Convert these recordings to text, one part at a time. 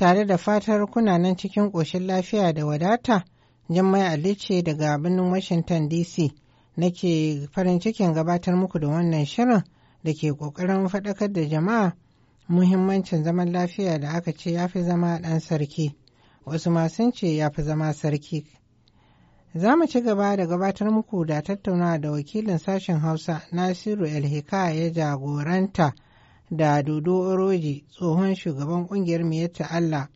tare da fatar kunanan cikin ƙoshin lafiya da wadata, Jummai Ali ce daga birnin Washington DC nake farin cikin gabatar muku da wannan shirin da ke ƙoƙarin faɗakar da jama'a muhimmancin zaman lafiya da aka ce ya fi zama ɗan sarki, wasu masu ce ya fi zama sarki. Za mu ci gaba da gabatar muku da tattaunawa da wakilin sashen Hausa Nasiru El ya jagoranta. da dodo oroji tsohon shugaban kungiyar miyatta allah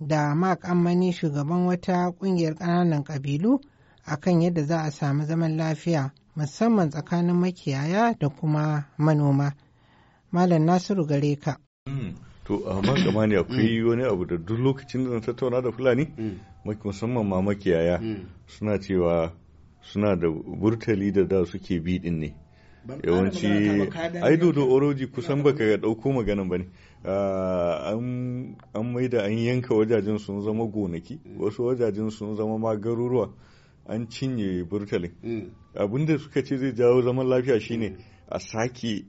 da mark ammani shugaban wata kungiyar ƙananan ƙabilu kan yadda za a samu zaman lafiya musamman tsakanin makiyaya da kuma manoma malam nasiru gare ka hmm, to amma kama ne akwai wani abu da duk lokacin da tattauna da fulani hmm. musamman ma makiyaya hmm. suna cewa suna da burtali da da suke bi ne yawanci ai dodo oroji kusan baka dauko magana ba ne ah, an maida an yanka wajajen sun zama gonaki mm. wasu wajajen sun zama ma garuruwa an cinye burtalin mm. abinda suka ce zai jawo zaman lafiya shine mm. a sake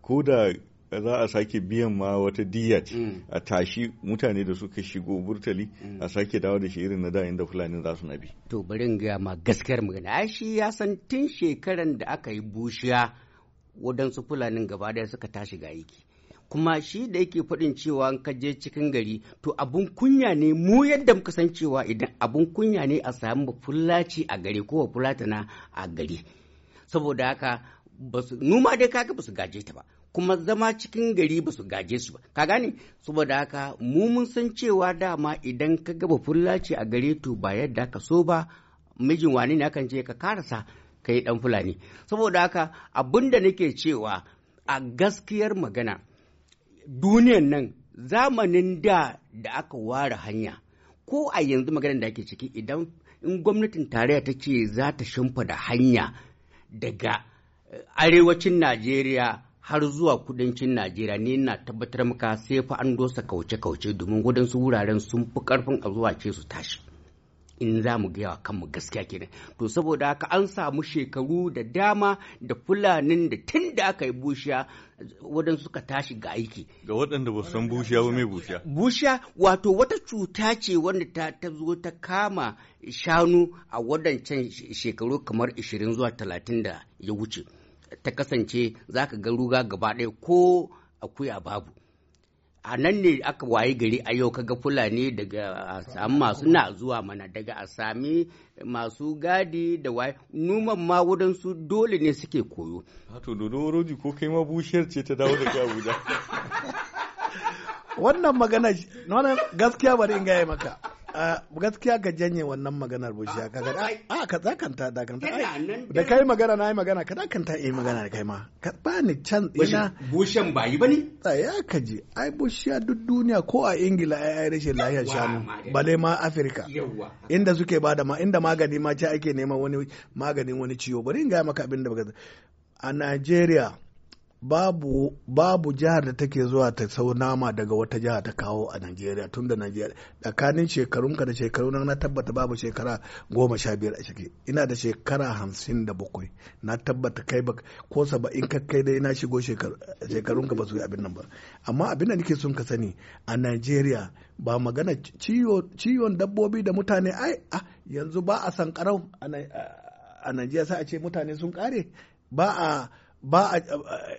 ko da za a sake biyan ma wata diya mm. a tashi mutane da suka shigo burtali mm. a sake dawo da shi irin na da inda fulani za su nabi to bari in gaya ma gaskiyar magana shi ya san tun shekaran da aka yi bushiya wadansu fulanin gaba daya suka tashi ga aiki kuma shi da yake faɗin cewa an kaje cikin gari to abun kunya ne mu yadda muka san cewa idan abun kunya ne a samu fulaci a gari ko fulatana a gari saboda haka numa dai kaga ba su gaje ta ba kuma zama cikin gari ba su gaje su ba ka gane saboda haka mu mun san cewa dama idan ka gaba fulaci a gare to ba yadda ka so ba mijin wani ne akan je ka karasa ka yi dan fulani saboda haka abin da nake cewa a gaskiyar magana duniyan nan zamanin da da aka ware hanya ko a yanzu maganar da ake ciki idan in gwamnatin tarayya ta ce za ta shimfida hanya daga eh, arewacin najeriya har zuwa kudancin Najeriya ne na tabbatar maka sai fa an dosa kauce-kauce domin su wuraren sun fi karfin a zuwa ce su tashi. In za mu gaya kanmu gaskiya kenan. To saboda haka an samu shekaru da dama da fulanin da tun da aka yi bushiya wadanda suka tashi ga aiki. Ga waɗanda ba san bushiya ba mai bushiya. Bushiya wato wata cuta ce wanda ta, ta zo ta kama shanu a wadancan shekaru kamar 20 zuwa 30 da ya wuce. ta kasance za ka ga ruga gaba ɗaya ko akuya babu a nan ne aka wayi gari a yau kaga fulani daga a sami masu na zuwa mana daga a sami masu gadi da waye numan ma su dole ne suke koyo wato dodo roji ko kai ma bushiyar ce ta dawo daga abuja wannan magana gaskiya bari in gaya maka gaskiya ka janye wannan maganar bushiya ah, ka ga a ah, ka dakanta dakanta da kai magana na yi magana ka dakanta yi eh, magana da kai ma ka ba ni can ina bushen ba yi bane tsaya ka ji ai bushi bushiya duk duniya ko a ingila ai ai rashin lafiyar shanu bale ma afirka inda suke bada ma inda magani ma ce ake neman wani maganin wani ciwo bari in ga maka abin da baka a najeriya babu babu jihar da take zuwa ta sau nama daga wata jiha ta kawo a Najeriya tun da Najeriya tsakanin shekarun ka da shekaru na na tabbata babu shekara goma sha biyar a ciki ina da shekara hamsin da bakwai na tabbata kai ba ko saba'in ka kai dai na shigo shekarun ka ba su yi abin nan ba amma abin da nake son ka sani a Najeriya ba magana ciwon dabbobi da mutane ai yanzu ba a sankarau a Najeriya sai a ce mutane sun kare ba a ba a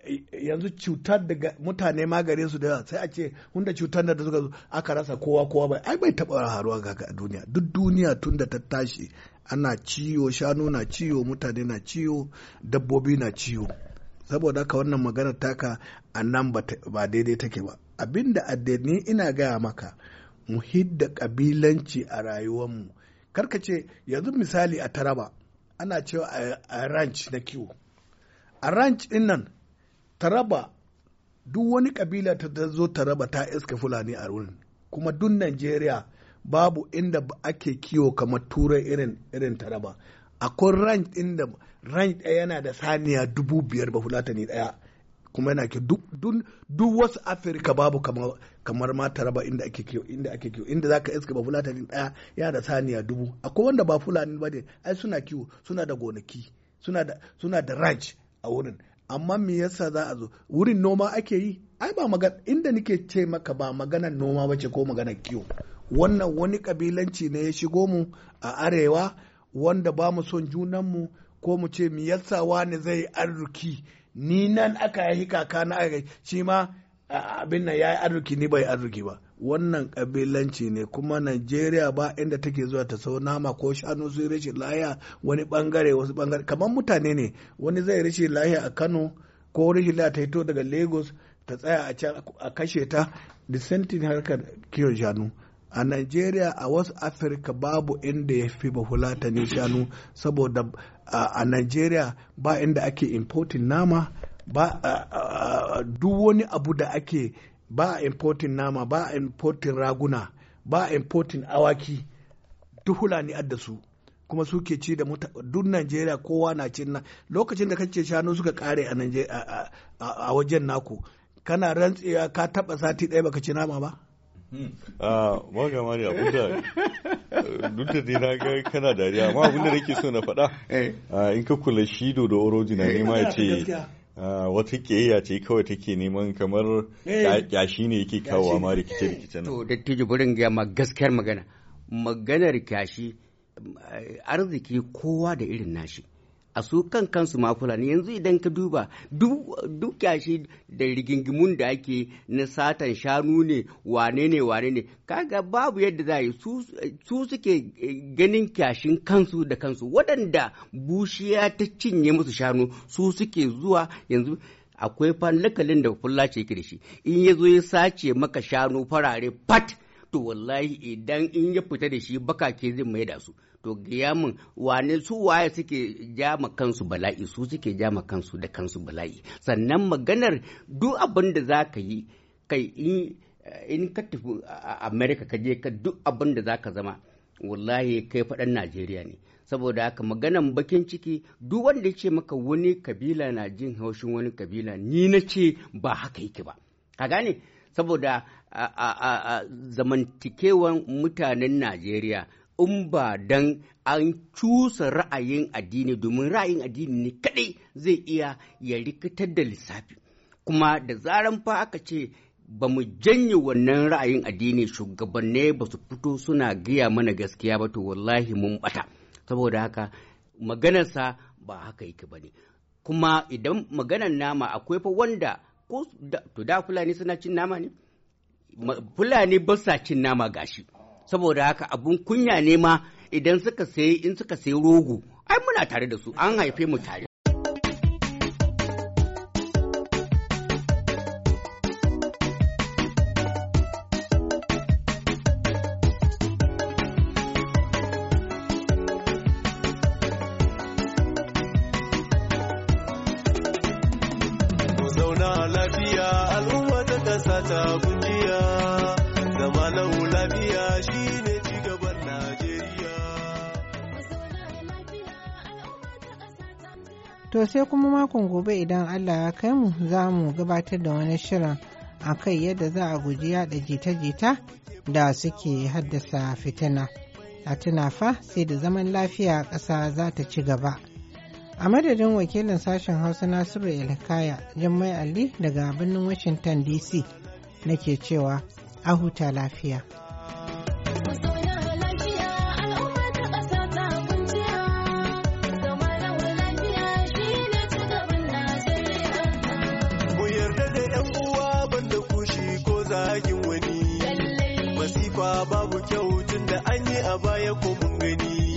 eh, yanzu cutar da mutane ma gare su da sai a ce hunda cutar da suka zo aka rasa kowa kowa bai ai bai taba haruwa ga a duniya duk duniya tun da ta tashi ana ciwo shanu na ciwo mutane na ciwo dabbobi na ciwo saboda haka wannan magana taka a nan ba daidai take ba abinda addini ina gaya maka mu hidda kabilanci a rayuwarmu karka ce yanzu misali a taraba ana cewa a ranch na kiwo a ranch din nan ta raba duk wani kabila ta zo ta raba ta iska fulani a wurin kuma duk najeriya babu inda ake kiwo kamar turai irin irin ta raba akwai ranch din da ranch ɗaya yana da saniya dubu biyar ba fulatani ɗaya kuma yana ke duk wasu afirka babu kamar ma taraba inda ake kiwo inda ake kiwo inda zaka iska ba fulatani ɗaya ya da saniya dubu akwai wanda ba fulani ba ne ai suna kiwo suna da gonaki suna da suna da ranch a wurin amma me yasa za a zo wurin noma ake yi ai ba magana inda nike ce maka ba magana noma bace ko magana kiwo wannan wani kabilanci ne ya shigo mu a arewa wanda ba mu son junan mu ko mu ce me yasa wani zai arruki ni nan aka yi kaka na aka shi ma abin nan ya yi arziki ni bai arziki ba wannan kabilanci ne kuma najeriya ba inda take zuwa ta sau nama ko shanu sun rashin lahiya wani bangare wasu bangare kamar mutane ne wani zai rashin lahiya a kano ko rashin lahiya ta hito daga lagos ta tsaya a kashe ta dissentin harkar kiyar shanu a Najeriya a wasu Afirka babu inda ya fi ni shanu saboda a Najeriya ba inda ake importing nama ba duk wani abu da ake ba a importin nama ba a importin raguna ba a importin awaki duk hulani adda su kuma suke ci da duk najeriya kowa na cin na lokacin da kace shanu suka kare a wajen naku kana rantsewa ka taba sati ɗaya baka ci nama ba hmm. a maga mari abinda duk da dai na ga kana dariya amma abinda nake so na faɗa eh. in ka kula shi da oroji na nema ya ce eh, Ah, wata kiyayya ce kawai take neman kamar eh. kyashi ne yake kawo ma rikice rikice na. Eh, to dattijo burin gaya ma gaskiyar magana maganar kyashi eh, arziki kowa da irin nashi a su kan kansu ma fulani yanzu idan ka duba duk yashi da rigingimun da ake na satan shanu ne wane ne wane ne kaga babu yadda za yi su suke ganin kyashin kansu da kansu waɗanda bushiya ta cinye musu shanu su suke zuwa yanzu akwai fanlakalin da ce yake da shi in ya zo ya sace maka shanu farare pat to wallahi idan in ya fita da shi bakake zai mai da su to giyamin wane su waye suke jama kansu bala'i su suke jama kansu da kansu bala'i sannan maganar duk abin da za ka yi kai in ka tafi america ka je ka duk abin da za ka zama wallahi kai faɗan najeriya ne saboda haka maganan bakin ciki duk wanda ya ce maka wani kabila na jin haushin wani kabila ni na ce ba haka yake ba ka gane saboda a zamantakewan mutanen najeriya in ba dan an cusa ra'ayin addini domin ra'ayin addini ne kaɗai zai iya ya rikitar da lissafi kuma da zaran fa aka ce ba mu janye wannan ra'ayin addini shugabanni ba su fito suna gaya mana gaskiya ba to wallahi mun bata saboda haka maganarsa ba haka yake ba ne kuma idan maganar nama akwai fa wanda to da fulani suna cin nama ne fulani ba sa cin nama gashi saboda haka abun kunya ne ma idan suka sayi in suka sayi rogo ai muna tare da su an haife mu tare lafiya al'umma ta kasa ta kujiya To sai kuma makon gobe idan Allah ya kai mu za mu gabatar da wani shirin a kai yadda za a guji yada jita-jita da suke haddasa fitina. A tuna fa sai da zaman lafiya ƙasa za ta ci gaba. A madadin wakilin sashen Hausa Nasiru Ilkaya Jummai Ali daga birnin Washington DC nake cewa a huta lafiya. kwa babu kyau tunda da an yi a baya ko mun gani